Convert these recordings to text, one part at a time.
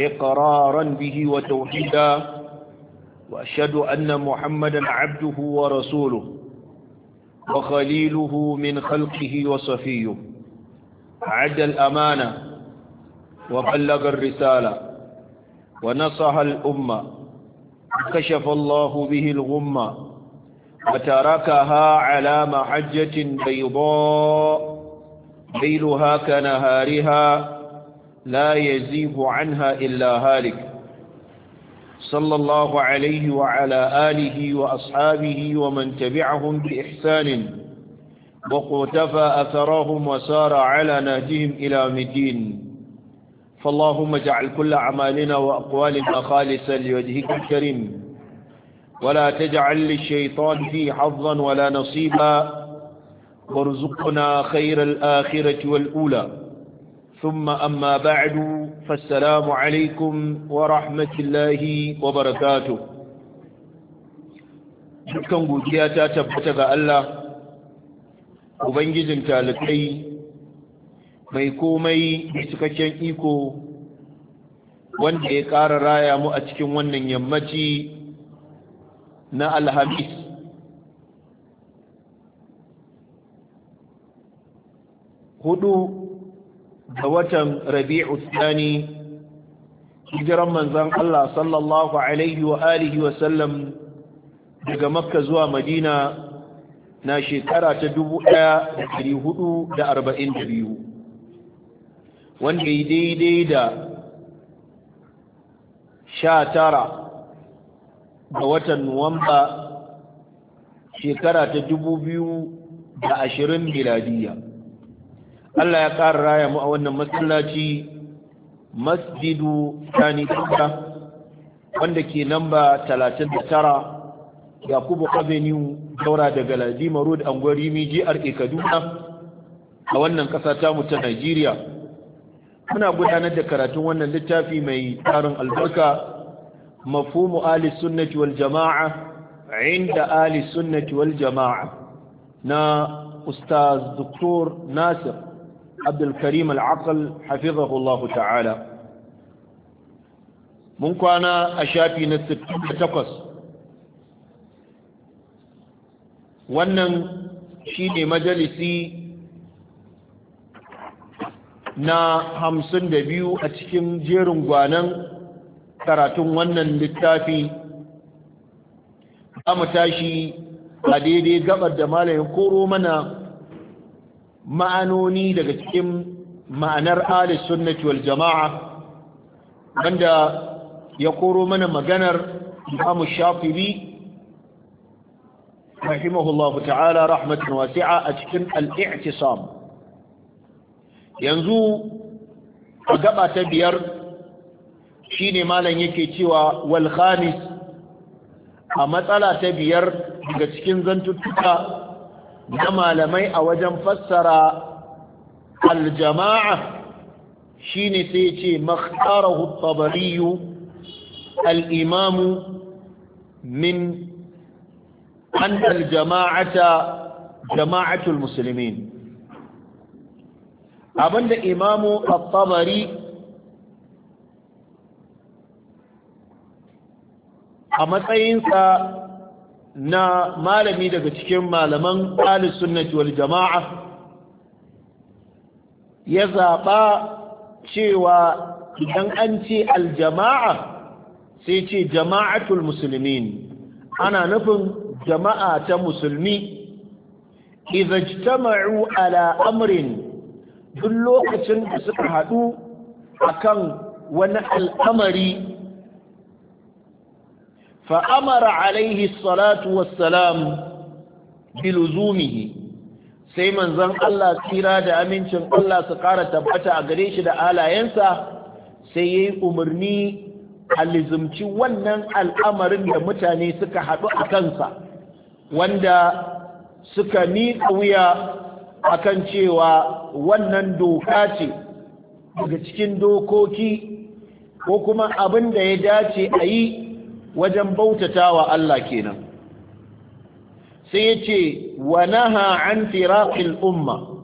إقرارا به وتوحيدا وأشهد أن محمدا عبده ورسوله وخليله من خلقه وصفيه عد الأمانة وبلغ الرسالة ونصح الأمة كشف الله به الغمة وتركها على محجة بيضاء ليلها كنهارها لا يزيغ عنها إلا هالك صلى الله عليه وعلى آله وأصحابه ومن تبعهم بإحسان وقتفى أثرهم وسار على نهجهم إلى مدين فاللهم اجعل كل أعمالنا وأقوالنا خالصا لوجهك الكريم ولا تجعل للشيطان فيه حظا ولا نصيبا وارزقنا خير الآخرة والأولى ثم أما بعد فالسلام عليكم ورحمة الله وبركاته dukkan godiya ta tabbata ga Allah ubangijin talibai mai komai da cikakken iko wanda ya ƙara raya mu a cikin wannan yammaci na alhamis hudu Ga watan rabi'u tsani hijiran manzan Allah sallallahu alaihi wa alihi wa sallam daga makka zuwa madina na shekara ta biyu, wanda yi daidai da sha tara ga watan nuwamba shekara ta 2020 miladiyya Allah ya ƙara raya mu a wannan masallaci masjidu sani tuka wanda ke namba 39 yakubu avenue daura daga ladima road anguwar jr jihar kaduna a wannan ƙasa ta ta nigeria muna gudanar da karatun wannan littafi mai tarin albarka mafhumu ali sunnati wal jama'a inda ali sunnati wal jama'a na ustaz Dr. nasir عبد الكريم العقل حفظه الله تعالى من كان أشافي نستبتم wannan shi ne majalisi na hamsin da biyu a cikin jerin gwanan karatun wannan littafi za mu tashi a daidai gabar da malayin koro mana ma'anoni daga cikin ma'anar alis sunnati wal jama'a wanda ya koro mana maganar imamu shafiri rahimahullahu ta'ala rahmatin wasi'a a cikin al'i'tisam yanzu a gaba ta biyar shine malam yake cewa wal khamis a matsala ta biyar daga cikin zantuttuka na malamai a wajen fassara aljama'a shine sai ce makhtarahu tabari al min an aljama'ata jama'atul muslimin abinda imamu al-tabari a matsayinsa na malami daga cikin malaman ahlus sunnati wal jama'a ya zaɓa cewa idan an ce aljama'a sai ce jama'atul musulmin ana nufin jama'a ta musulmi idza ijtama'u ala amrin duk lokacin da suka haɗu akan wani al'amari فأمر عليه الصلاة والسلام بلزومه sai manzon Allah tsira da amincin Allah su ƙara tabbata a gare shi da alayensa sai ya yi umarni a wannan al'amarin da mutane suka haɗu a kansa wanda suka miƙa wuya akan cewa wannan doka ce daga cikin dokoki ko kuma abin da ya dace a yi wajen bautatawa Allah kenan sai yace wa naha an firaqil umma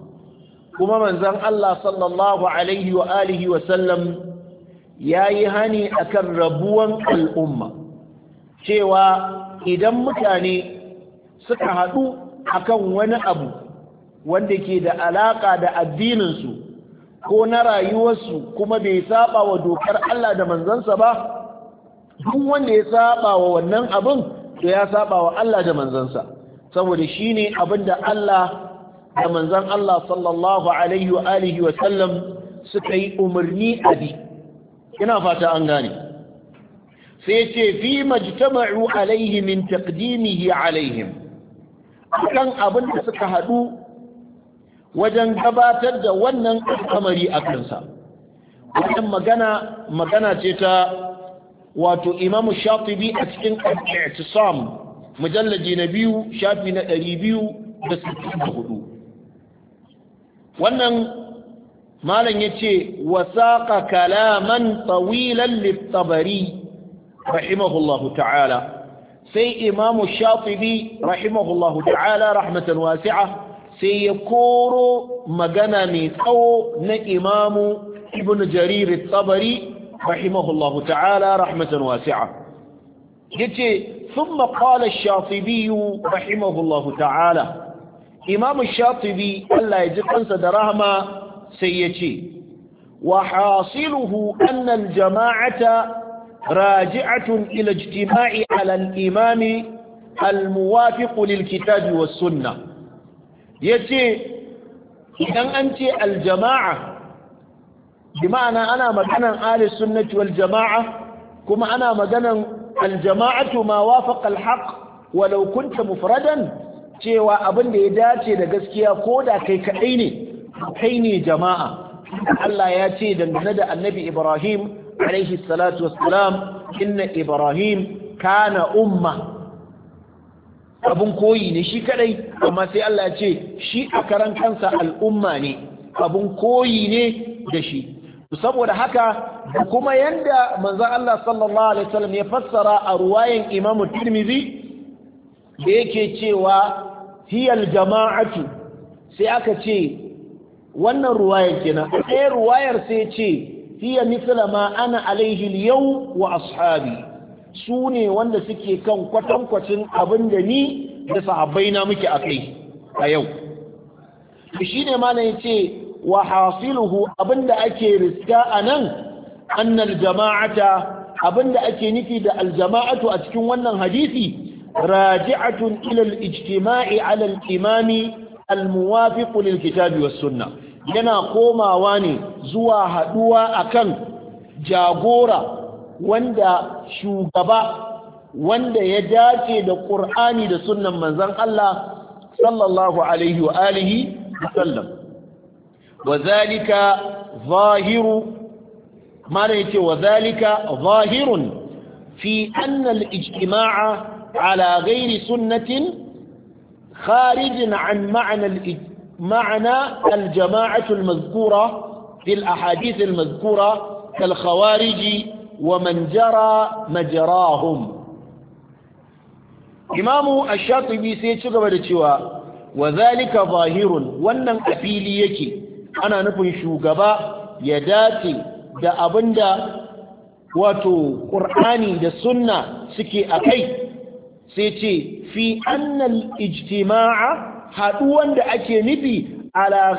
kuma manzon Allah sallallahu alaihi wa alihi wa sallam yayi hani akan rabuwan al'umma cewa idan mutane suka haɗu akan wani abu wanda ke da alaƙa da addininsu ko na rayuwarsu kuma bai saba wa dokar Allah da manzansa ba duk wanda ya saba wa wannan abin to ya saba wa Allah da manzansa saboda shine abin da Allah da manzan Allah sallallahu alaihi wa alihi wa sallam suka yi umarni abi ina fata an gane sai ce fi majtama'u alaihi min taqdimihi alaihim kan abin da suka hadu wajen gabatar da wannan al'amari a kansa Wajen magana magana ce ta wato imamu shafibi a cikin al-i'tisam mujallaji na biyu shafi na ɗari biyu da sittin da hudu wannan malam ya ce wasaƙa kalaman tsawilan littabari rahimahullahu ta'ala sai imamu shafibi rahimahullahu ta'ala rahmatan wasi'a sai ya koro magana mai tsawo na imamu ibn jarir tsabari rahimahullahu ta'ala rahmatan wasi'a yace thumma qala ash-shatibi rahimahullahu ta'ala imam ash-shatibi Allah ya ji kansa da rahma sai yace wa hasiluhu anna al-jama'ata راجعة إلى اجتماع على kitabi الموافق للكتاب والسنة يتي إذن أنت الجماعة bi ana maganan ahli sunnati wal jama'a kuma ana maganan al jama'atu ma wafaqa al haqq walau kunta mufradan cewa abin da ya dace da gaskiya ko da kai kadai ne kai ne jama'a Allah ya ce dangane da annabi Ibrahim alaihi salatu wassalam inna Ibrahim kana umma abun koyi ne shi kadai amma sai Allah ya ce shi a kansa al'umma ne abun koyi ne da shi saboda haka kuma yanda manzon Allah sallallahu alaihi wasallam ya fassara a ruwayan Imam Tirmidhi da yake cewa hiyal jama'atu sai aka ce wannan ruwayar kenan ɗaya ruwayar sai ce hiya misla ma ana alaihi yau wa ashabi su ne wanda suke kan kwatankwacin abin da ni da sahabbai na muke a kai a yau shi ne ma ya ce wa hasiluhu abinda ake riska anan annal jama'ata abinda ake nufi da aljama'atu a cikin wannan hadisi raji'atun ila al-ijtima'i ala al-imami al-muwafiq lil kitabi was sunnah yana komawa ne zuwa haduwa akan jagora wanda shugaba wanda ya dace da Qur'ani da sunnan manzon Allah sallallahu alaihi wa alihi sallam وذلك ظاهر ما نيتي وذلك ظاهر في أن الاجتماع على غير سنة خارج عن معنى معنى الجماعة المذكورة في الأحاديث المذكورة كالخوارج ومن جرى مجراهم إمام الشاطبي سيتشغب لتشوى وذلك ظاهر وأن أفيليكي ana nufin shugaba ya dace da abinda wato ƙur'ani da sunna suke a kai sai ce fi annal ijtima'a haɗuwan da ake nufi ala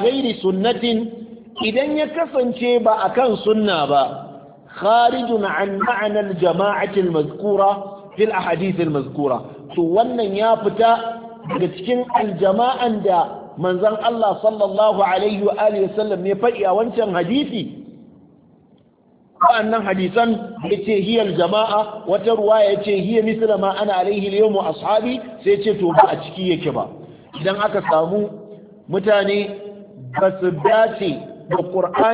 ghairi sunnatin idan ya kasance ba a kan sunna ba kharijun an ma'anar jama'atin mazkura fil ahadithin mazkura to wannan ya fita daga cikin aljama'an da manzon Allah sallallahu alaihi wa alihi sallam ne faɗi a wancan hadisi wa'annan hadisan yace hiyar jama'a wata ruwa yace hiyar misira ma ana alaihi al ashabi sai ce to ba a ciki yake ba idan aka samu mutane ba su dace da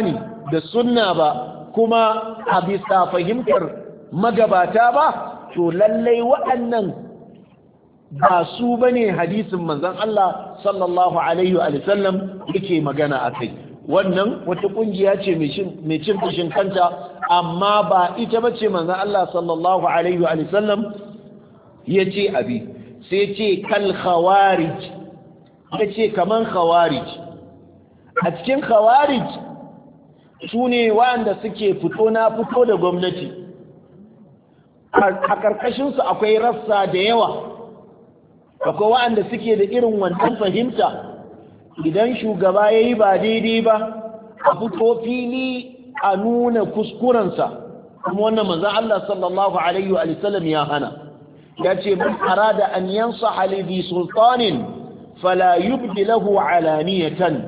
da sunna ba kuma a bisa fahimtar magabata ba to lallai waɗannan ba su bane hadisin manzon Allah sallallahu alaihi wa sallam yake magana akai wannan wata kungiya ce mai cin fushin kanta amma ba ita bace manzon Allah sallallahu alaihi wa sallam yace abi sai ce kal khawarij yace kaman khawarij a cikin khawarij sune wanda suke fito na fito da gwamnati a ƙarƙashinsu akwai rassa da yawa akwai wa'anda suke da irin wannan fahimta idan shugaba ya yi ba daidai ba a fito fili a nuna kuskurensa kuma wannan maza Allah sallallahu alaihi wa ya hana ya ce man arada an yansa halibi sultanin fala yubdi lahu alaniyatan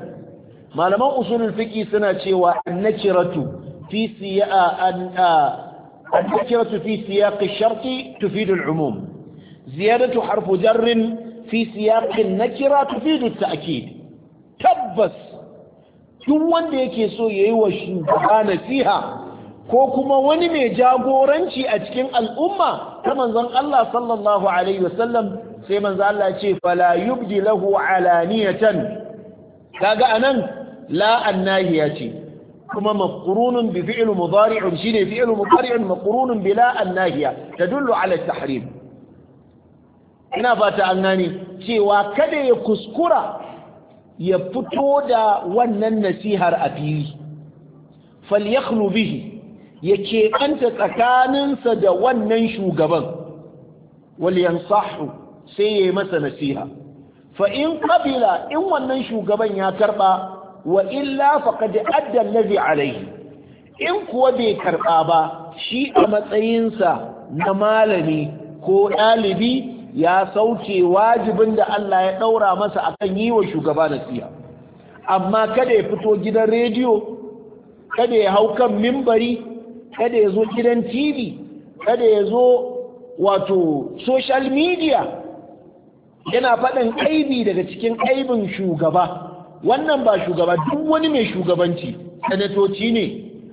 malaman usulul fiki suna cewa annakiratu fi siya an fi siyaq ash-shart tufidu umum ziyadatu harfu jarrin fi siyaqin nakira tufidu at-ta'kid tabbas duk wanda yake so yayi wa shugaba nasiha ko kuma wani mai jagoranci a cikin al'umma ta manzon Allah sallallahu alaihi wasallam sai Manzala Allah ce fala yubdi lahu alaniyatan kaga anan la annahiya ce kuma maqrunun bi fi'l mudari'un shine fi'l mudari'un maqrunun bi la annahiya tadullu ala tahrim ina fata an gane cewa kada ya kuskura ya fito da wannan nasihar a fili falyakhlu bihi ya keɓanta tsakaninsa da wannan shugaban walyansahu sai ya yi masa nasiha fa in in wannan shugaban ya karɓa wa illa da adda allazi alayhi in kuwa bai karɓa ba shi a matsayinsa na malami ko ɗalibi ya sauke wajibin da Allah ya ɗaura masa akan yi wa shugaba nasiha amma kada ya fito gidan rediyo kada ya hau kan mimbari kada ya zo gidan tv kada ya zo wato social media yana faɗin aibi daga cikin aibin shugaba wannan ba shugaba duk wani mai shugabanci senatoci ne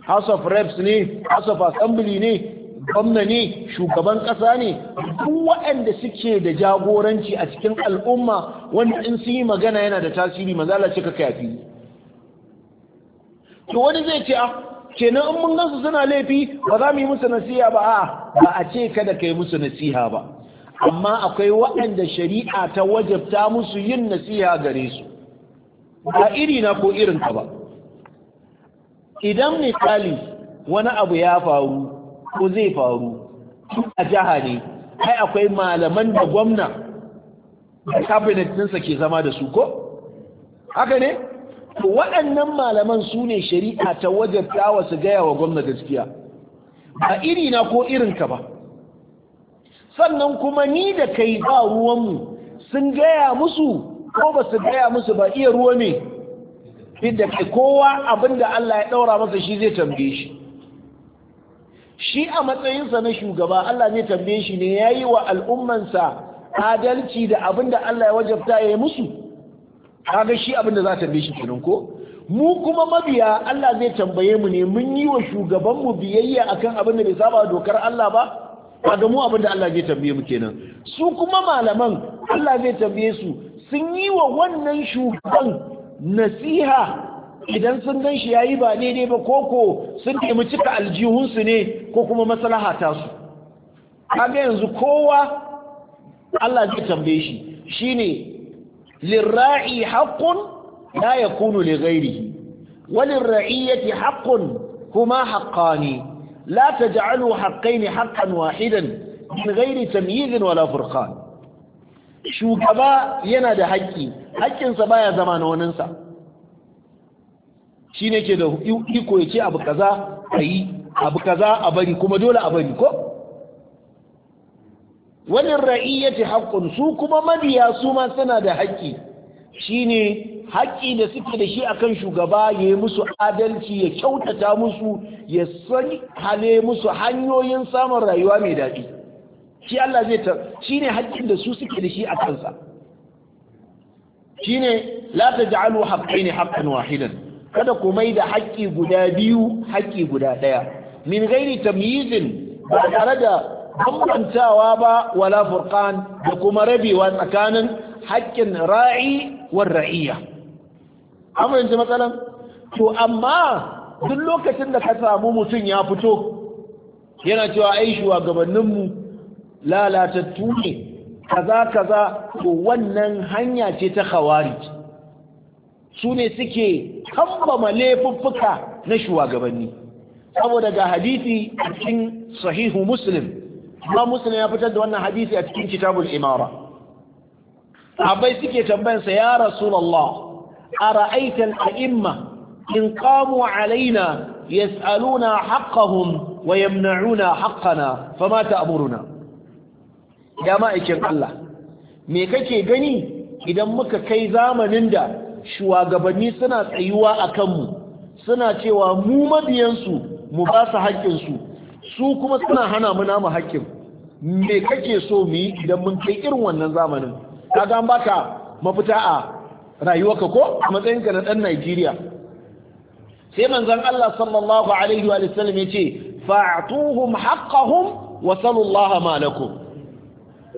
house of reps ne house of assembly ne gwamna ne shugaban ƙasa ne duk waɗanda suke da jagoranci a cikin al'umma wanda in sun yi magana yana da tasiri mazala ce ka kafi to wani zai ce ah kenan in mun gansu suna laifi ba za mu yi musu nasiha ba a ba a ce kada ka yi musu nasiha ba amma akwai waɗanda shari'a ta wajabta musu yin nasiha gare su ba iri na ko irin ka ba idan misali wani abu ya faru ko zai faru a jiha ne ai akwai malaman da gwamna da cabinet ɗinsa ke zama da su ko haka ne waɗannan malaman su ne shari'a ta wajen dawa su gaya wa gwamna gaskiya ba iri na ko irinka ba sannan kuma ni da kai ba ruwanmu sun gaya musu ko ba su gaya musu ba iya ruwa ne inda kai kowa abinda Allah ya ɗaura masa shi zai tambaye shi shi a matsayinsa na shugaba Allah zai tambaye shi ne ya yi wa al'ummansa adalci da abin da Allah ya wajabta ya yi musu kaga shi abin da za a tambaye shi kenan ko mu kuma mabiya Allah zai tambaye mu ne mun yi wa shugabanmu biyayya biyayya akan abin da bai saba dokar Allah ba kaga mu abin da Allah zai tambaye mu kenan su kuma malaman Allah zai tambaye su sun yi wa wannan shugaban nasiha idan sun gan shi yayi ba daidai ba koko sun nemi cika aljihunsu ne ko kuma maslaha ta su kaga yanzu kowa Allah zai tambaye shi Shi ne lirra'i haqqun la yakunu li ghairihi وللرعية حق هما حقان لا تجعلوا حقين حقا واحدا من غير تمييز wala فرقان shugaba yana da haƙƙi haƙƙinsa baya zama na waninsa shi ne ke da iko ya ce abu kaza a yi abu kaza a bari kuma dole a bari ko wannan ra'iyyati haƙƙun su kuma mabiya su ma suna da haƙƙi Shi ne haƙƙi da suke da shi akan shugaba ya yi musu adalci ya kyautata musu ya san hale musu hanyoyin samun rayuwa mai daɗi shi Allah zai ta ne haƙƙin da su suke da shi a kansa Shi ne la haƙƙi ne haƙƙin wahidan kada ku mai da haƙƙi guda biyu haƙƙi guda ɗaya min gairi tamyizin ba tare da bambantawa ba wala furqan da kuma rabewa tsakanin haƙƙin ra'i war ra'iyya amurin ji matsalan to amma duk lokacin da ka samu mutum ya fito yana cewa ai shugabanninmu lalatattu ne kaza kaza to wannan hanya ce ta khawarij su ne suke kambama laifuffuka na shugabanni saboda ga hadisi a cikin sahihu muslim ba muslim ya fitar da wannan hadisi a cikin kitabul imara abai suke tambayansa ya rasulallah a ra'aitar a'imma in kamu alaina ya yas'aluna haqqahum wa yamna'una haqqana fama buruna. ya ma'aikin Allah me kake gani idan muka kai zamanin da shugabanni suna tsayuwa a kanmu suna cewa mu mabiyansu mu ba su haƙƙinsu su kuma suna hana mu namu haƙƙin me kake so mu yi idan mun kai irin wannan zamanin kaga ba baka mafita a rayuwarka ko a matsayinka na ɗan Najeriya sai manzon Allah sallallahu alaihi wa sallam yace fa'tuhum haqqahum wa sallallahu ma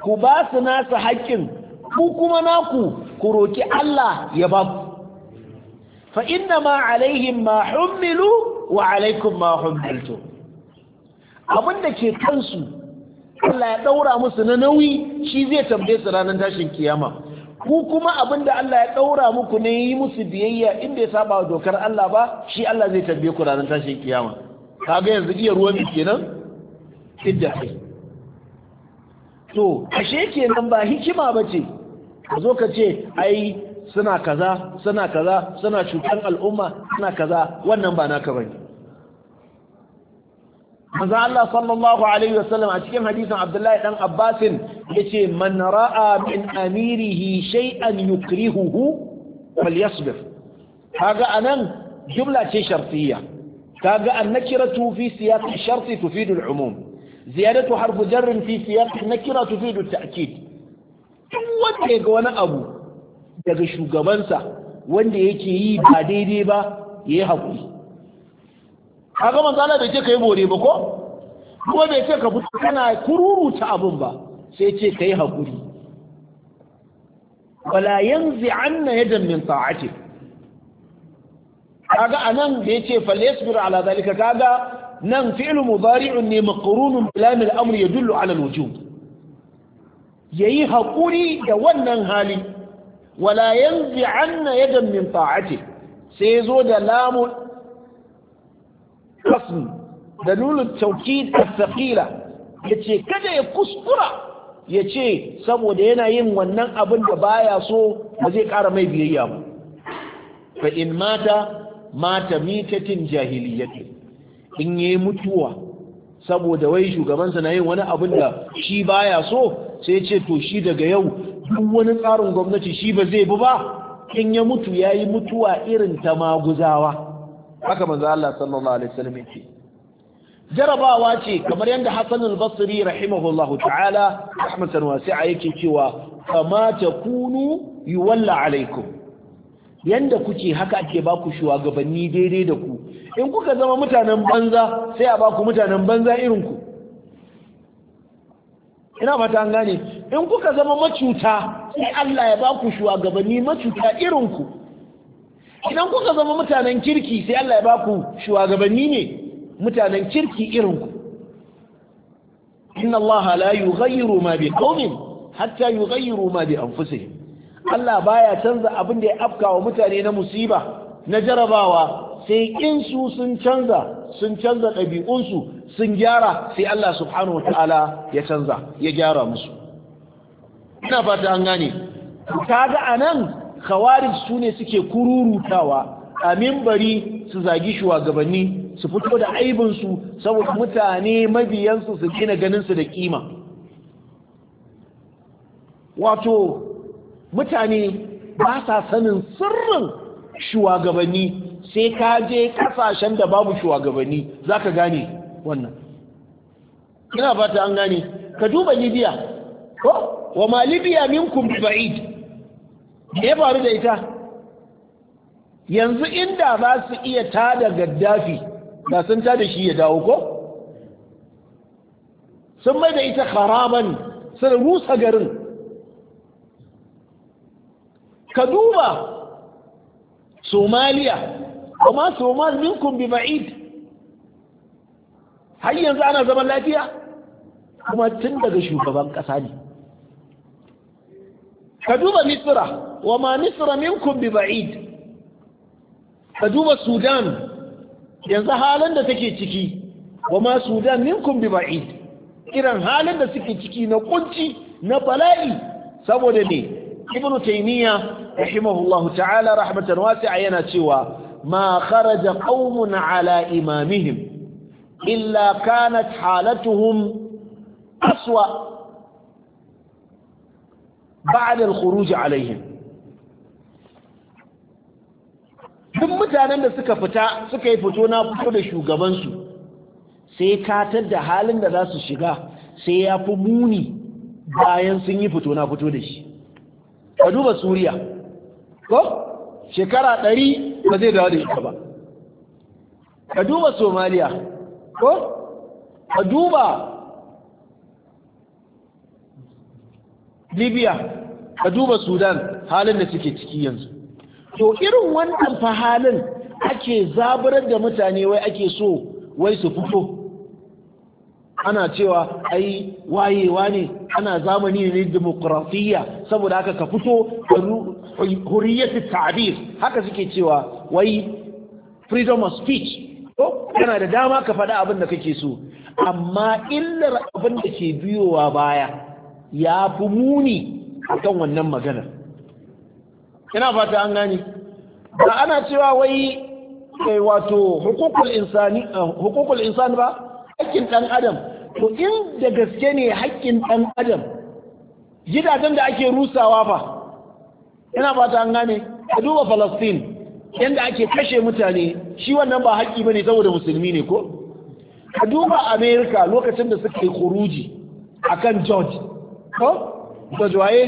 ku ba su nasa haƙƙin ku kuma naku ku roki Allah ya ba ku fa inna ma alaihim ma hummilu wa alaikum ma hummiltu abinda ke kansu Allah ya daura musu na nauyi shi zai tambaye su ranar tashin kiyama ku kuma da Allah ya daura muku ne yi musu biyayya in bai saba wa dokar Allah ba shi Allah zai tambaye ku ranar tashin kiyama kaga yanzu iya ruwan mai kenan idda kai to ashe kenan ba hikima bace ka zo ka ce ai suna kaza suna kaza suna cutar al'umma suna kaza wannan ba naka bane manzo Allah sallallahu alaihi wasallam a cikin hadisin Abdullahi dan Abbas yace man ra'a min amirihi shay'an yukrihuhu falyasbir kaga anan jumla ce shartiyya kaga annakiratu fi siyaq ash-shart tufidu al-umum ziyadatu harfu jarr fi siyaq nakira tufidu at-ta'kid duk wanda ga wani abu daga shugabansa wanda yake yi ba daidai ba ya yi haƙuri kaga manzana bai ce ka yi bore ba ko kuma bai ce ka fito kana kururuta abin ba sai ce ka yi haƙuri wala yanzu an na yadda min ta'ati kaga a nan da ya ce falyasbir ala zalika kaga nan fi'lu mudari'un ne maqrunun bi lamil amr yadullu ala al-wujub yayi haƙuri da wannan hali wala yanzi anna yadan min ta'ati sai zo da lamu qasm da nunul tawkid as-saqila yace kada ya kuskura yace saboda yana yin wannan abin da baya so ba zai kara mai biyayya ba fa in mata mata mitatin jahiliyyati in yayi mutuwa saboda wai shugabansa na yin wani abin da shi baya so sai ce to shi daga yau duk wani tsarin gwamnati shi ba zai bi ba in ya mutu ya yi mutuwa irin ta maguzawa haka manzo Allah sallallahu alaihi wasallam yake jarabawa ce kamar yadda Hassan al-Basri rahimahullahu ta'ala rahmatan wasi'a yake cewa kama takunu yuwalla alaikum yanda kuke haka ake ba ku shugabanni daidai da ku in kuka zama mutanen banza sai a ba ku mutanen banza irin ku ina fata an gane in kuka zama macuta sai Allah ya ba ku shugabanni macuta ku. idan kuka zama mutanen kirki sai Allah ya ba ku shugabanni ne mutanen kirki irin ku. inna Allah la yughayyiru ma bi qaumin hatta yughayyiru ma bi anfusihim Allah baya canza abin da ya afkawa mutane na musiba na jarabawa sai in su sun canza sun canza ɗabi'unsu sun gyara sai Allah subhanahu wa ta'ala ya canza ya gyara musu ina fata an gane kaga anan khawarij sune suke kururutawa a mimbari su zagi shugabanni su fito da aibin su saboda mutane mabiyansu su gina ganin su da kima wato mutane ba sa sanin sirrin shugabanni sai ka je kasashen da babu shugabanni zaka gane wannan ina fata an gane ka duba libya ko wa ma libya minkum ba'id me faru da ita yanzu inda za su iya tada gaddafi da sun tada shi ya dawo ko sun mai da ita haraman sun rusa garin ka duba somaliya kuma somal minkum bi ba'id har yanzu ana zaman lafiya kuma tun daga shugaban ƙasa ne ka duba Misira, wa ma misra minkum bi ba'id ka duba sudan yanzu halin da take ciki wa ma sudan minkum bi ba'id irin halin da suke ciki na kunci na bala'i saboda ne ibn taymiya rahimahullah ta'ala rahmatan wasi'a yana cewa ma kharaja qaumun ala imamihim illa kanat halatuhum aswa ba'da al-khuruj alaihim duk mutanen da suka fita suka yi fito na fito da shugabansu sai katar da halin da za su shiga sai ya fi muni bayan sun yi fito na fito da shi ka duba suriya ko shekara ɗari ba zai dawo da ita ba ka duba somaliya ko ka duba libya ka duba sudan halin da suke ciki yanzu to irin wannan fa halin ake zaburar da mutane wai ake so wai su fito ana cewa ai wayewa ne ana zamani ne demokrasiyya saboda haka ka fito huriyatu ta'bir haka suke cewa wai freedom of speech ko kana da dama ka faɗa abin da kake so amma illar abin da ke biyowa baya ya fi muni a kan wannan maganar ina fata an gani da ana cewa wai eh, wato hukukul insani eh, ba hakkin ɗan adam to in da gaske ne haƙƙin ɗan adam gidajen da ake rusawa fa ina fata an gane ka duba Palestine yanda ake kashe mutane shi wannan ba haƙƙi ba ne saboda musulmi ne ko ka duba Amerika lokacin da suka yi kuruji kan George ko George waye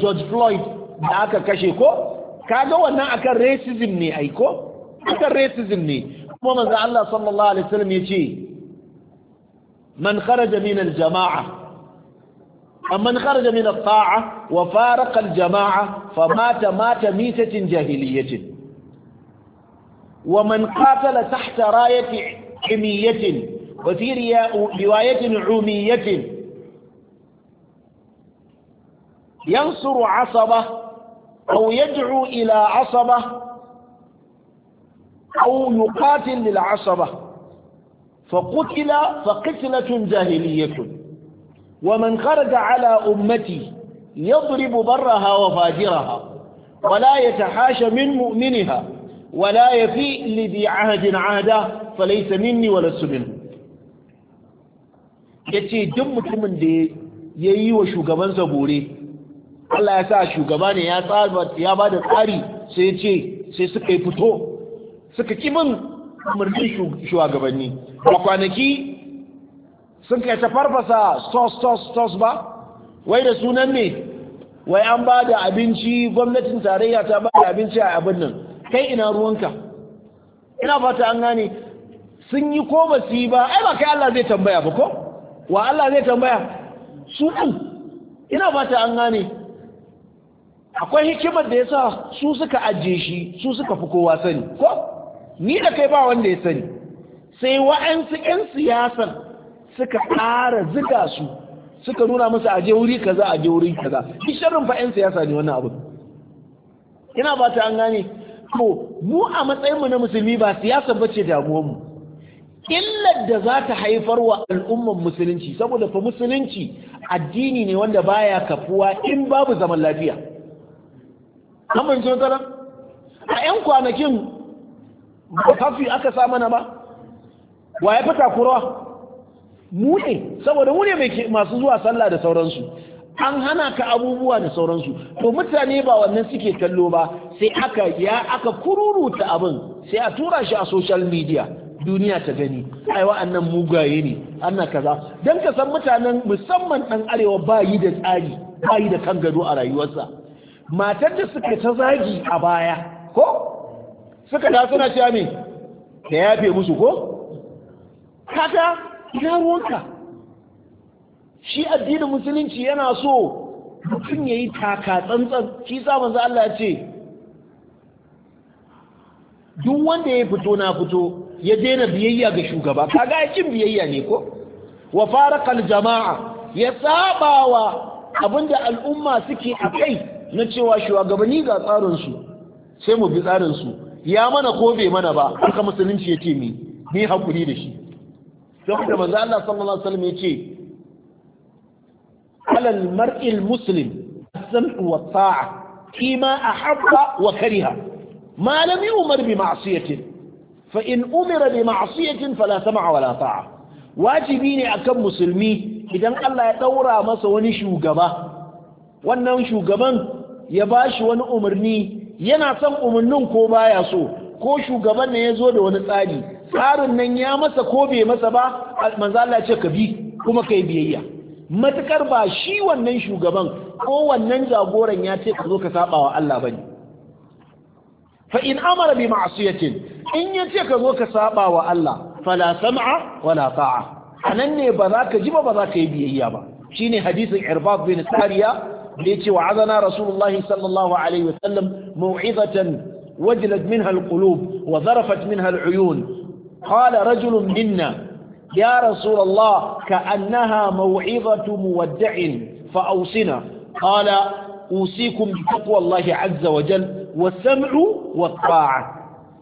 George Floyd da aka kashe ko kaga wannan akan racism ne ai ko akan racism ne kuma manzo Allah sallallahu alaihi wasallam yace man kharaja min al-jama'a amman kharaja min at-ta'a wa faraqa al-jama'a famata mata mitatin jahiliyatin wa man qatala tahta rayati himiyatin wa fi riwayati umiyatin yansuru asaba أو يدعو إلى عصبة أو يقاتل للعصبة فقتل فقتلة جاهلية ومن خرج على أمتي يضرب برها وفاجرها ولا يتحاش من مؤمنها ولا يفيء لذي عهد عهدا فليس مني ولست منه yace duk mutumin da yayi wa shugaban zabore Allah ya sa shugaba ne ya tsaba ya ba da tsari sai ce sai suka yi fito suka ki bin umarnin shugabanni Ba kwanaki sun kai ta farfasa stos stos stos ba wai da sunan ne wai an ba da abinci gwamnatin tarayya ta ba da abinci a abin nan kai ina ruwanka ina fata an gane sun yi ko ba su yi ba ai ba kai Allah zai tambaya ba ko wa Allah zai tambaya su ina fata an gane akwai hikimar da ya sa su suka ajiye shi su suka fi kowa sani ko ni da kai ba wanda ya sani sai wa'ansu 'yan siyasar suka ƙara ziga su suka nuna musu aje wuri kaza aje wuri kaza sharrin fa 'yan siyasa ne wannan abu ina ba ta an gane to mu a matsayin mu na musulmi ba siyasa bace damuwar mu illar da za ta haifar wa al'ummar musulunci saboda fa musulunci addini ne wanda baya kafuwa in babu zaman lafiya an fahimci tsanan? a 'yan kwanakin ba kafi aka sa mana ba wa ya fi takurawa mune saboda mu ne masu zuwa sallah da sauransu an hana ka abubuwa da sauransu to mutane ba wannan suke kallo ba sai aka ya aka kururuta abin sai a tura shi a social media duniya ta gani ai wa'annan mugaye ne ana kaza Don ka san mutanen musamman ɗan arewa ba yi da tsari ba yi da kan gado a rayuwarsa matar da suka ta zagi a baya ko suka da suna cewa da yafe musu ko kaga ina ruwanka shi addinin musulunci yana so mutum ya yi taka tsantsan shi sa za Allah ce duk wanda ya fito na fito ya daina biyayya ga shugaba kaga yakin biyayya ne ko wa faraqal jama'a ya wa abinda al'umma suke a kai na cewa shugabanni ga tsarinsu sai mu bi tsarinsu ya mana ko bai mana ba haka musulunci ya ce mi ni haƙuri da shi saboda maza Allah sallallahu alaihi wasallam ya ce alal mar'il muslim samu wa ta'a kima ahabba wa kariha ma lam yu'mar bi ma'siyatin fa in umira bi ma'siyatin fala sam'a wala ta'a wajibi ne akan musulmi idan Allah ya daura masa wani shugaba wannan shugaban ya ba shi wani umarni yana son umarnin ko baya so ko shugaban ne ya zo da wani tsari tsarin nan ya masa ko bai masa ba manzo Allah ce ka bi kuma kai biyayya matukar ba shi wannan shugaban ko wannan jagoran ya ce ka zo ka saba wa Allah bane fa in amara bi ma'siyatin in ya ce ka zo ka saba wa Allah fala sam'a wala ta'a anan ne ba za ka ji ba ba za ka yi biyayya ba shine hadisin irbad bin sariya da yace wa azana rasulullahi sallallahu alaihi wasallam mau'izatan wajilat minha alqulub wa zarafat minha aluyun qala rajulun minna ya rasulullah ka'annaha mau'izatu muwaddi'in fa awsina qala أوصيكم بتقوى الله عز وجل والسمع والطاعة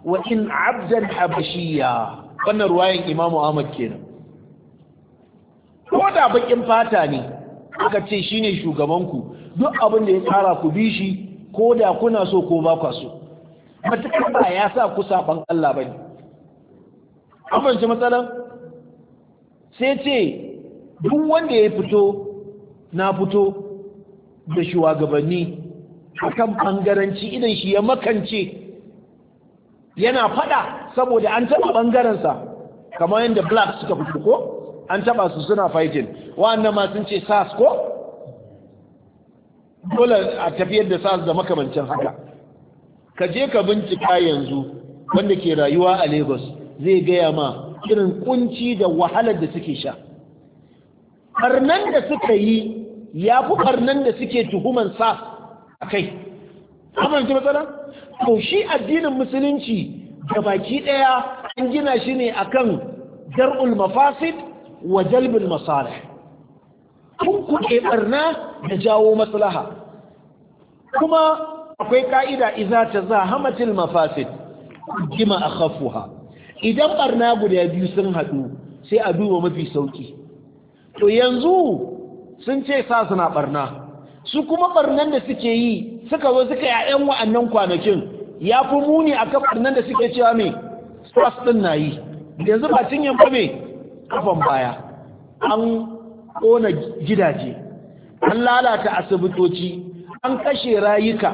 وإن عبدا حبشيا wannan ruwayan imamu Ahmad kenan ko da bakin fata ne aka ce shine shugabanku duk abin da ya tsara ku bi shi ko da kuna so ko ba kwa so matuƙar ba ya sa ku saban Allah ba ne amince matsalan sai ce duk wanda ya fito na fito da shugabanni kan bangaranci idan shi ya makance yana fada saboda an taɓa bangaransa kamar yadda black suka fito ko an taba su suna fighting wa'annan ma sun ce sas ko dole a tafiyar da sa'ad da makamancin haka ka je ka bincika yanzu wanda ke rayuwa a lagos zai gaya ma irin kunci da wahalar da suke sha ɓarnan da suka yi ya fi ɓarnan da suke tuhuman sa a kai amince matsala to shi addinin musulunci da baki ɗaya an gina shi ne akan jar'ul mafasid wa jalbul masalih tunkuɗe barna da jawo maslaha kuma akwai ka'ida iza ta za hamatil mafasid jima a khafuha idan ɓarna guda biyu sun haɗu sai a duba mafi sauki to yanzu sun ce sa suna barna su kuma ɓarnan da suke yi suka zo suka yayan wa'annan kwanakin ya fi muni a kan barnan da suke cewa mai stress ɗin na yi yanzu ba cinyan ba mai kafan baya an kona gidaje an lalata asibitoci an kashe rayuka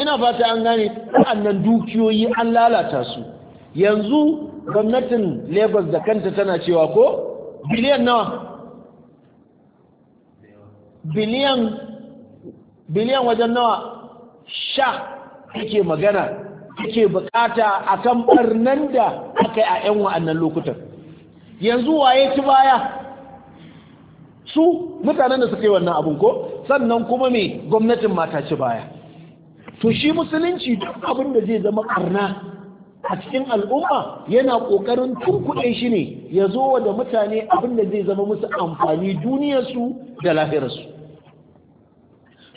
ina fata an gane waɗannan dukiyoyi an lalata su yanzu gwamnatin lagos da kanta tana cewa ko biliyan nawa biliyan biliyan wajen nawa sha ake magana ake bukata akan ɓarnar da aka yi a 'yan wa'annan lokutan yanzu waye ci baya su mutanen da suka yi wannan abun ko sannan kuma mai gwamnatin mata ci baya to shi musulunci duk abin da zai zama karna a cikin al'umma yana kokarin tunkuɗe shi ne ya zo da mutane abin da zai zama musu amfani duniyarsu da lahirarsu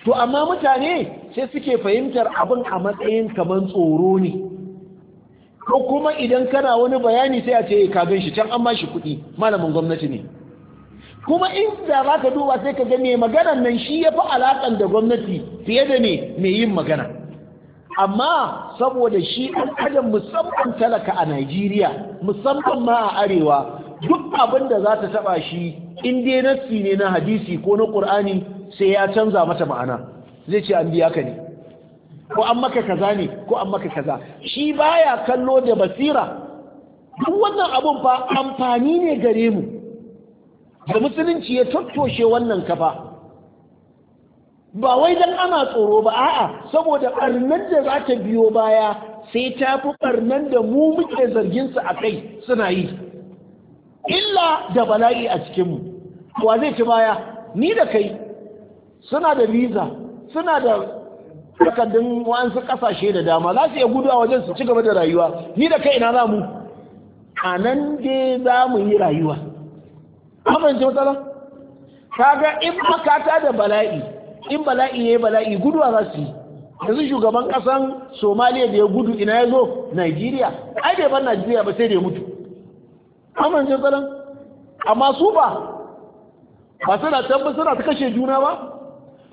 to amma mutane sai suke fahimtar abin a matsayin kamar tsoro ne ko kuma idan kana wani bayani sai a ce ka gan shi can an ba shi kuɗi malamin gwamnati ne kuma inda za ka duba sai ka ga mai maganan nan shi ya fi alaƙar da gwamnati fiye da ne mai yin magana amma saboda shi an adam musamman talaka a Najeriya musamman ma a arewa duk abin da za ta taɓa shi in dai nassi ne na hadisi ko na ƙur'ani sai ya canza mata ma'ana zai ce an biya ka ne ko an maka kaza ne ko an maka kaza shi baya kallo da basira duk wannan abun fa amfani ne gare mu da musulunci ya tattoshe wannan kafa ba wai dan ana tsoro ba a'a saboda barnan da za ta biyo baya sai ta fi barnan da mu muke zargin su a kai suna yi illa da bala'i a cikinmu wa zai ci baya ni da kai suna da visa suna da takardun wa'ansu ƙasashe da dama za su iya gudu a wajen su ci gaba da rayuwa ni da kai ina za mu a nan dai za mu yi rayuwa amince matsala kaga in makata da bala'i in bala'i ya yi bala'i guduwa za su yi yanzu shugaban kasan somaliya da ya gudu ina ya zo nigeria ai bai ban nigeria ba sai da ya mutu amince matsala amma su ba ba suna can suna ta kashe juna ba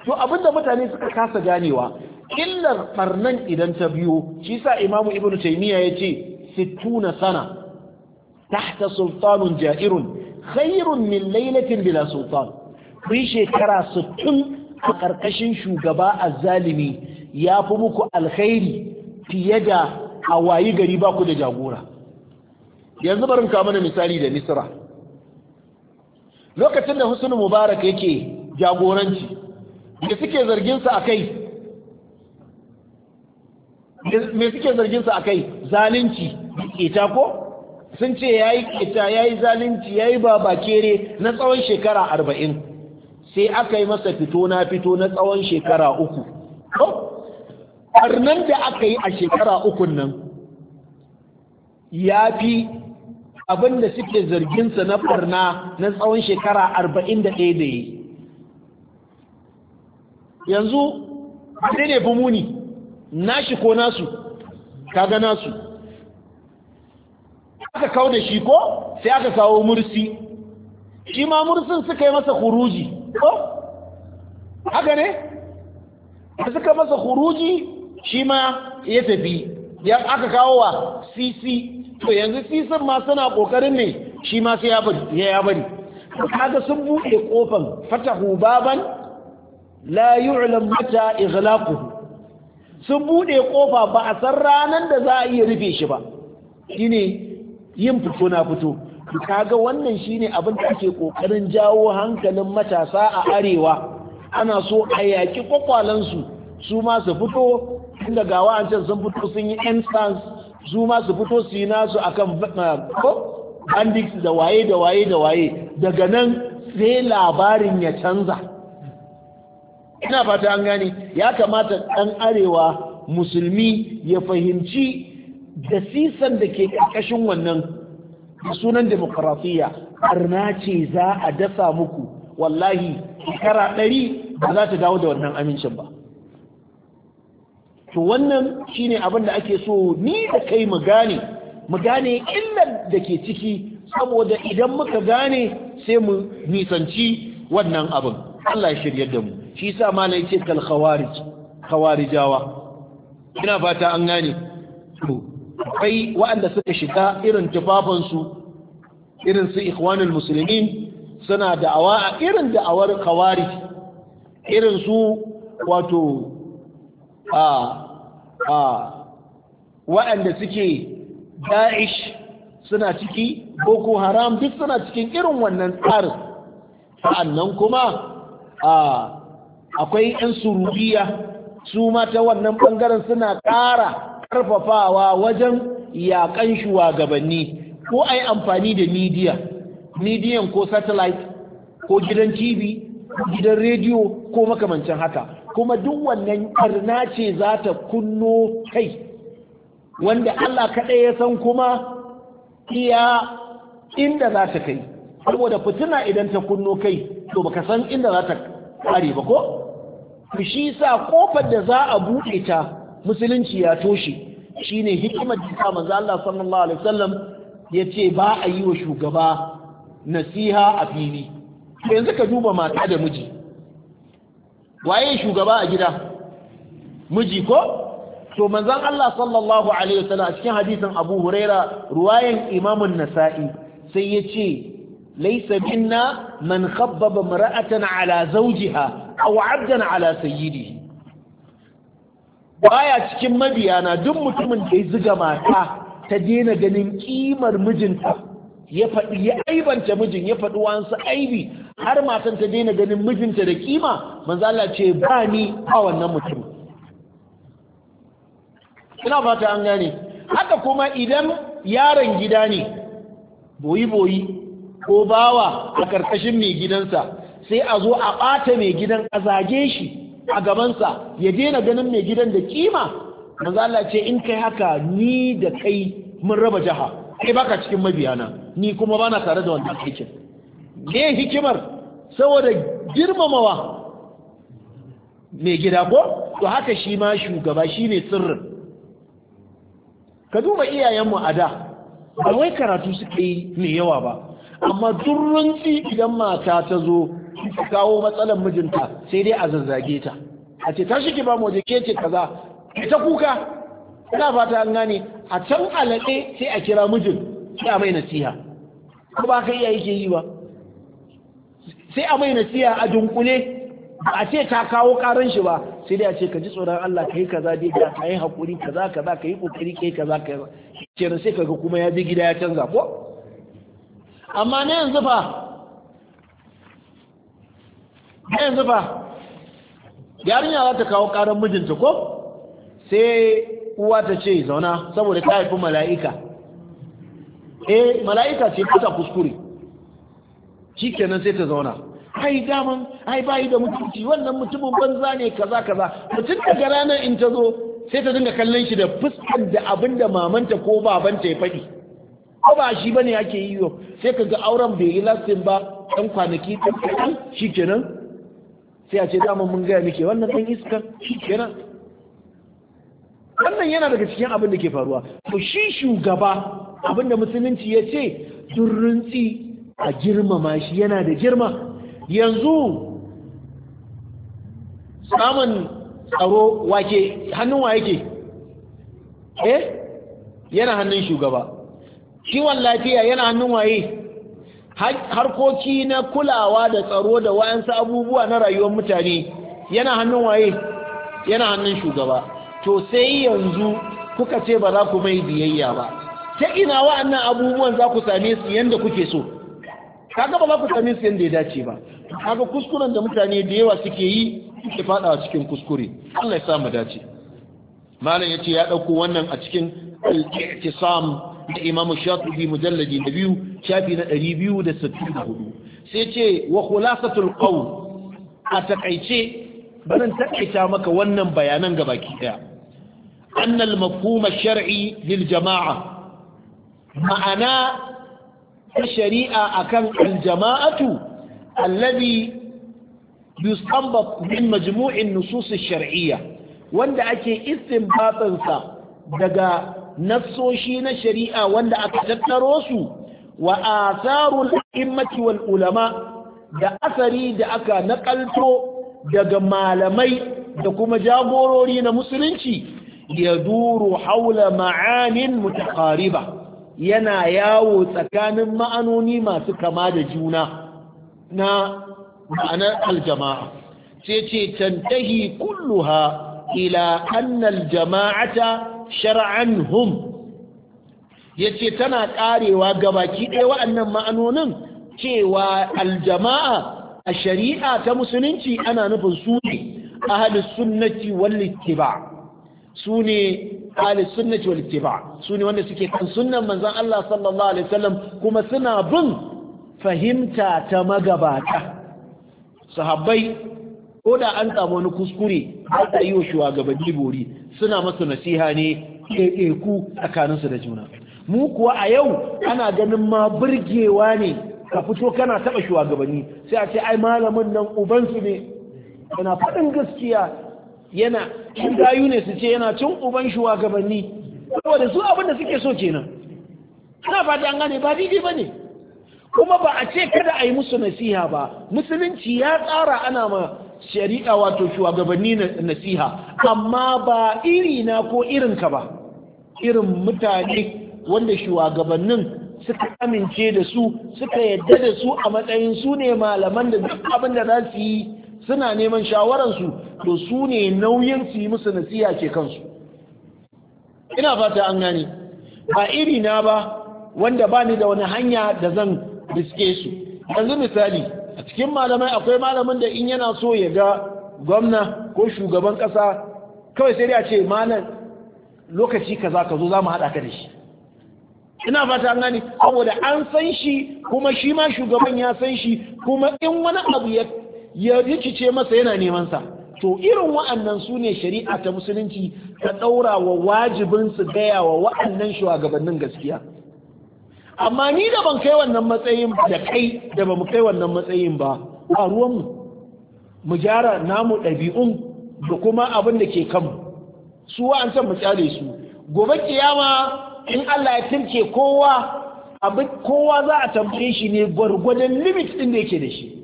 to abinda mutane suka kasa ganewa illar barnan idan ta biyo shi sa imamu ibn ya ce, sittuna sana tahta sultanun ja'irun khairun min lailatin bila sultan shekara 60 a karkashin shugaba azzalimi ya fi muku alkhairi fiye da a wayi gari ba ku da jagora yanzu barin ka mana misali da misra lokacin da husnu mubarak yake jagoranci da suke zarginsa a kai me suke zarginsa a kai zalunci ita ko sun ce ya yi kita ya yi zalunci ya yi babakere na tsawon shekara arba'in sai aka yi masa fito na fito na tsawon shekara uku ɓarnan da aka yi a shekara ukun nan ya fi abin da suke zarginsa na ɓarna na tsawon shekara arba'in da ɗaya da ya yanzu ne fi muni nashi ko nasu kaga nasu aka kawo da shi ko sai aka kawo mursi shi ma mursin suka yi masa huruji ko haka ne suka masa huruji shi ma ya tafi yan aka kawo wa cc to yanzu sisin ma suna kokarin ne shi ma sai ya bari kaga sun buɗe kofan fatahu baban la yu'lam mata ighlaquhu sun buɗe kofa ba a san ranan da za a iya rufe shi ba shine yin fito na fito kaga wannan shine abin da ake ƙoƙarin jawo hankalin matasa a arewa ana so a yaki kwakwalansu su ma su fito inda gawa an can sun fito sun yi instance su ma su fito su yi nasu akan uh, bandits da waye da waye da waye daga nan sai labarin ya canza ina fata an gane ya kamata ɗan arewa musulmi ya fahimci da sisan da ke ƙarƙashin wannan sunan demokaratiyya arna ce za a dasa muku wallahi shekara ɗari ba za ta dawo da wannan amincin ba to wannan shine abin da ake so ni da kai mu gane mu gane illar da ke ciki saboda idan muka gane sai mu nisanci wannan abin Allah ya shirya da mu shi sa malai ce kal khawarij khawarijawa ina fata an gane to akwai waɗanda suka shiga irin tufafinsu irin su ikhwanul musulmin suna da'awa a irin da'awar kawari irin su wato a a waɗanda suke da'ish suna ciki boko haram duk suna cikin irin wannan tsarin sa'annan kuma a akwai 'yan surubiya su ma ta wannan ɓangaren suna ƙara karfafawa wajen yaƙan shugabanni ko ai amfani da midiya midiyan ko satellite ko gidan tv gidan rediyo ko makamancin haka kuma duk wannan karna ce za ta kunno kai wanda Allah kaɗai ya san kuma iya inda za ta kai saboda fituna idan ta kunno kai to baka san inda za ta kare ba ko shi sa kofar da za a buɗe ta musulunci ya toshe shine hikimar da sa manzo Allah sallallahu alaihi wasallam yace ba a yi wa shugaba nasiha a fili yanzu ka duba mata da miji waye shugaba a gida miji ko to manzan Allah sallallahu alaihi wasallam cikin hadisin Abu Huraira ruwayan Imam nasai sai yace laysa minna man khabbaba mar'atan ala zawjiha aw 'abdan ala sayyidihi baya cikin mabiyana duk mutumin da ya ziga mata ta daina ganin kimar mijinta ya faɗi ya aibanta mijin ya faɗi wansu aibi har matan ta daina ganin mijinta da kima manzala ce ba ni a wannan mutum ina fata an gane haka kuma idan yaron gida ne boyi-boyi ko bawa a ƙarƙashin mai gidansa sai a zo a ɓata mai gidan a zage shi a gabansa ya daina ganin mai gidan da kima manzo Allah ce in kai haka ni da kai mun raba jiha. kai baka cikin mabiya na? ni kuma bana tare da wannan aikin me hikimar saboda girmamawa mai gida ko to haka shi ma shugaba shi ne sirrin ka duba iyayenmu a da ba wai karatu suke yi mai yawa ba amma duk idan mata ta zo ta kawo matsalar mijinta sai dai a zazzage ta a ce ta shige ba mu je ke ce kaza ta kuka ina fata an gane a can alade sai a kira mijin sai a mai nasiha ko ba ka yake yi ba sai a mai nasiha a dunkule a ce ta kawo karan shi ba sai dai a ce ka ji tsoron Allah ka yi kaza dai ka yi haƙuri kaza kaza ka yi ƙoƙari ka yi kaza kaza ce sai kaga kuma ya je gida ya canza ko amma na yanzu fa yanzu ba yarinya za ta kawo karan mijinta ko sai uwa ta ce zauna saboda ta haifi mala'ika eh mala'ika ce kusa kuskure shi kenan sai ta zauna ai daman ai bayi da mutunci wannan mutumin banza ne kaza kaza mutum gara ranar in ta zo sai ta dinga kallon shi da fuskar da abinda mamanta ko babanta ya faɗi ko ba shi bane ake yi yau sai ka ga auren bai yi lastin ba ɗan kwanaki ɗan shi kenan sai a ce dama mun gaya muke wannan ɗan iskar kenan wannan yana daga cikin abin da ke faruwa to shi shugaba abin da musulunci ya ce durrunci a girmama shi yana da girma yanzu samun tsaro wake hannun wa yake eh yana hannun shugaba kiwon lafiya yana hannun waye harkoki na kulawa da tsaro da wa'ansu abubuwa na rayuwar mutane yana hannun waye yana hannun shugaba to sai yanzu kuka ce ba za ku mai biyayya ba ta ina wa'annan abubuwan za ku same su yanda kuke so kaga ba za ku same su yanda ya dace ba kaga kuskuren da mutane da yawa suke yi suke fada cikin kuskure Allah ya sa mu dace malam yace ya dauko wannan a cikin al-i'tisam da imamu shafi mujalladi na biyu shafi na ɗari biyu da sittin da hudu sai ce wa khulasatul qawl a takaice barin takaita maka wannan bayanan gabaki daya annal mafhuma shar'i lil jama'a ma'ana ta shari'a akan al jama'atu alladhi yustanbat min majmu'in nusus shar'iyya wanda ake istinbatinsa daga nassoshi na shari'a wanda aka tattaro su wa asarul immati wal ulama da asari da aka nakalto daga malamai da kuma jagorori na musulunci ya duru haula ma'anin mutakariba yana yawo tsakanin ma'anoni masu kama da juna na ma'anar aljama'a sai ce tantahi kulluha ila annal jama'ata shar'an hum yace tana karewa gabaki ɗaya wa'annan ma'anonin cewa aljama'a a shari'a ta musulunci ana nufin su ne ahlus sunnati wal ittiba su ne ahlus sunnati wal ittiba su ne wanda suke kan sunnan manzon Allah sallallahu alaihi wasallam kuma suna bin fahimta ta magabata sahabbai ko da an samu wani kuskure ba yi wa shugabanni bori suna masu nasiha ne ku tsakaninsu da juna mu kuwa a yau ana ganin ma burgewa ne ka fito kana taɓa shugabanni sai a ce ai malamin nan ubansu ne yana faɗin gaskiya yana cin gayu ne su ce yana cin uban shugabanni saboda su abin da suke so kenan Ana fata an gane ba daidai ba ne kuma ba a ce kada a yi musu nasiha ba musulunci ya tsara ana ma shari'a wato shugabanni nasiha amma ba iri na ko irinka ba irin mutane wanda shugabannin suka amince da su suka yadda da su a matsayin su ne malaman da duk abin da za su yi suna neman shawararsu to su ne nauyin su yi musu nasiha ke kansu ina fata an gane ba iri na ba wanda ba ni da wani hanya da zan riske su yanzu misali a cikin malamai akwai malamin da in yana so ya ga gwamna ko shugaban kasa kawai sai dai a ce malam lokaci kaza ka zo za mu haɗa ka da shi ina fata an gani saboda an san shi kuma shi ma shugaban ya san shi kuma in wani abu ya ya rikice masa yana neman sa to irin wa'annan su ne shari'a ta musulunci ta ɗaura wa wajibin su gaya wa wa'annan shugabannin gaskiya amma ni da ban kai wannan matsayin da kai da ba mu kai wannan matsayin ba a ruwanmu mu gyara namu ɗabi'un da kuma abin da ke kanmu su wa'ancan mu kyale su gobe kiyama in Allah ya tilke kowa abin kowa za a tambaye shi ne gwargwadon limit ɗin da yake da shi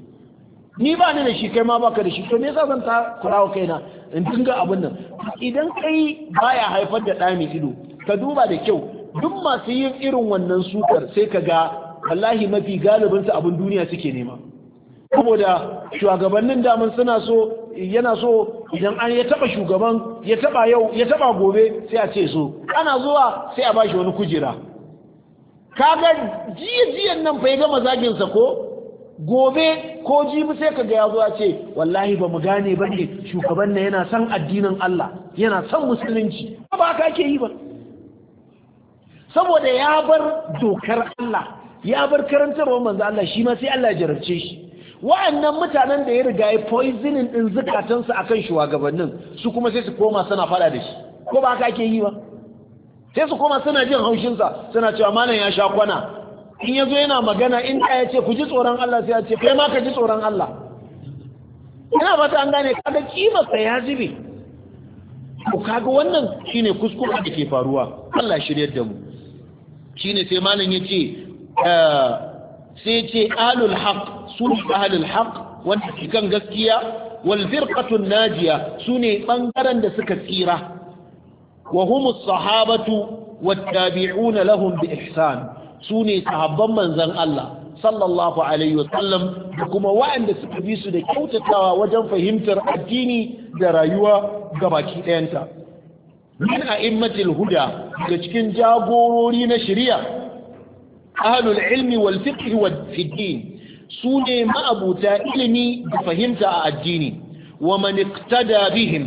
ni ba ni da shi kai ma baka da shi to me yasa zan ta kurawa kaina in dinga abin nan idan kai baya haifar da ɗa mai ido ka duba da kyau duk masu yin irin wannan sukar sai ka ga wallahi mafi galibinsu abin duniya suke nema saboda shugabannin daman suna so yana so idan an ya taba shugaban ya taba yau ya taba gobe sai a ce so ana zuwa sai a bashi wani kujera kaga jiye-jiyen nan fa ya gama sa ko gobe ko jibi sai kaga ya zo ce wallahi ba mu gane ba ne shugaban na yana son addinin Allah yana son musulunci ba ka ke yi ba saboda ya bar dokar Allah ya bar karantarwa manzo Allah shi ma sai Allah ya jarabce shi wa'annan mutanen da ya riga ya poisoning din zukatansu akan shugabannin su kuma sai su koma suna fada da shi ko ba haka ake yi ba sai su koma suna jin haushinsa suna cewa malam ya sha kwana in yazo yana magana in da ya ce ku ji tsoron Allah sai ya ce kai ma ka ji tsoron Allah ina fata an gane kaga sa ya zube Ku kaga wannan shine kuskure da ke faruwa Allah shiryar da mu shine sai malam yace ah, sai ce alul haq su ahlul haq wanda kan gaskiya wal firqatun najiya sune ɓangaren da suka tsira wa humus sahabatu wattabi'una lahum bi ihsan sune sahabban manzan Allah sallallahu alaihi wasallam da kuma waɗanda suka bi su da kyautatawa wajen fahimtar addini da rayuwa gabaki ɗayanta min a'immatil huda daga cikin jagorori na shari'a ahlul ilmi wal fiqh wa fiddin su ne ma'abuta ilimi da fahimta a addini wa man iqtada bihim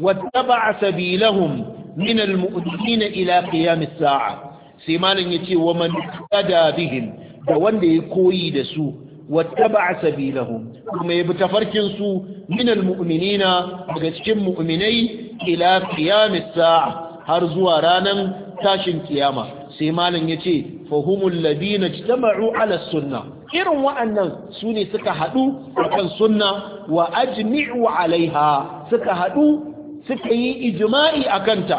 wa taba'a sabilahum min al mu'minin ila qiyam as-sa'a sai malam yace wa man iqtada bihim da wanda ya koyi da su wa taba'a sabilahum kuma ya bi tafarkin su min al mu'minina daga cikin mu'minai ila qiyamis sa'a har zuwa ranan tashin kiyama sai malam yace fahumul ladina ijtama'u ala sunnah irin wa'annan su ne suka haɗu kan sunna wa ajmi'u alaiha suka suka yi ijma'i a kanta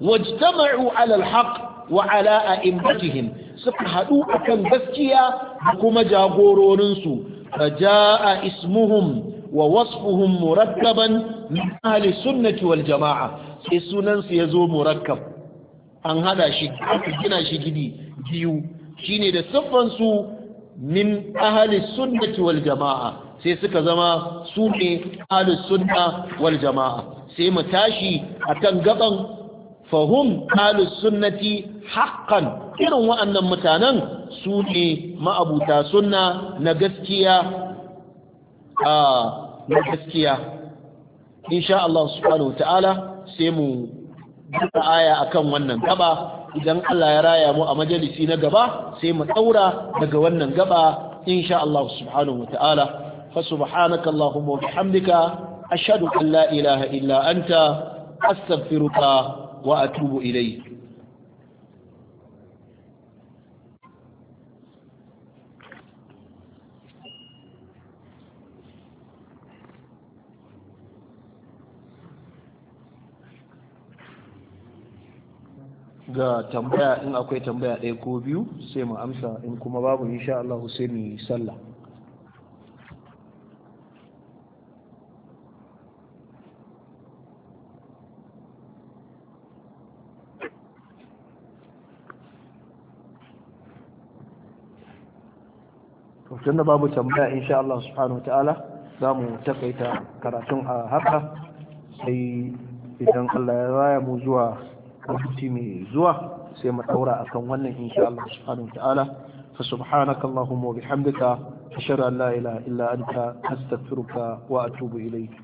wajtama'u ala alhaq wa ala a'immatihim suka haɗu akan gaskiya da kuma jagororinsu fa ja'a ismuhum wa wasfuhum murakkaban min ahli sunnati wal jama'a sai sunan su yazo murakkab an haɗa shi gina shi gidi biyu shine da siffan su min ahli sunnati sai suka zama su ne ahli sunna wal sai mu tashi a kan gaban fahum ahli sunnati haqqan irin wa'annan mutanen su ne ma'abuta sunna na gaskiya na gaskiya insha Allah subhanahu ta'ala sai mu duka aya akan wannan gaba idan Allah ya raya mu a majalisi na gaba sai mu daura daga wannan gaba insha Allah subhanahu ta'ala fa subhanaka allahumma wa bihamdika ashhadu an la ilaha illa anta astaghfiruka wa atubu ilayk ga tambaya in akwai tambaya ɗaya ko biyu sai mu amsa in kuma babu insha Allah sai sallah tun da babu tambaya insha Allah subhanahu wa ta'ala za mu takaita karatun a haka sai idan Allah ya raya mu zuwa lokaci mai zuwa sai mu daura akan wannan insha Allah subhanahu ta'ala fa subhanaka allahumma wa bihamdika ashhadu an la ilaha illa anta astaghfiruka wa atubu ilayk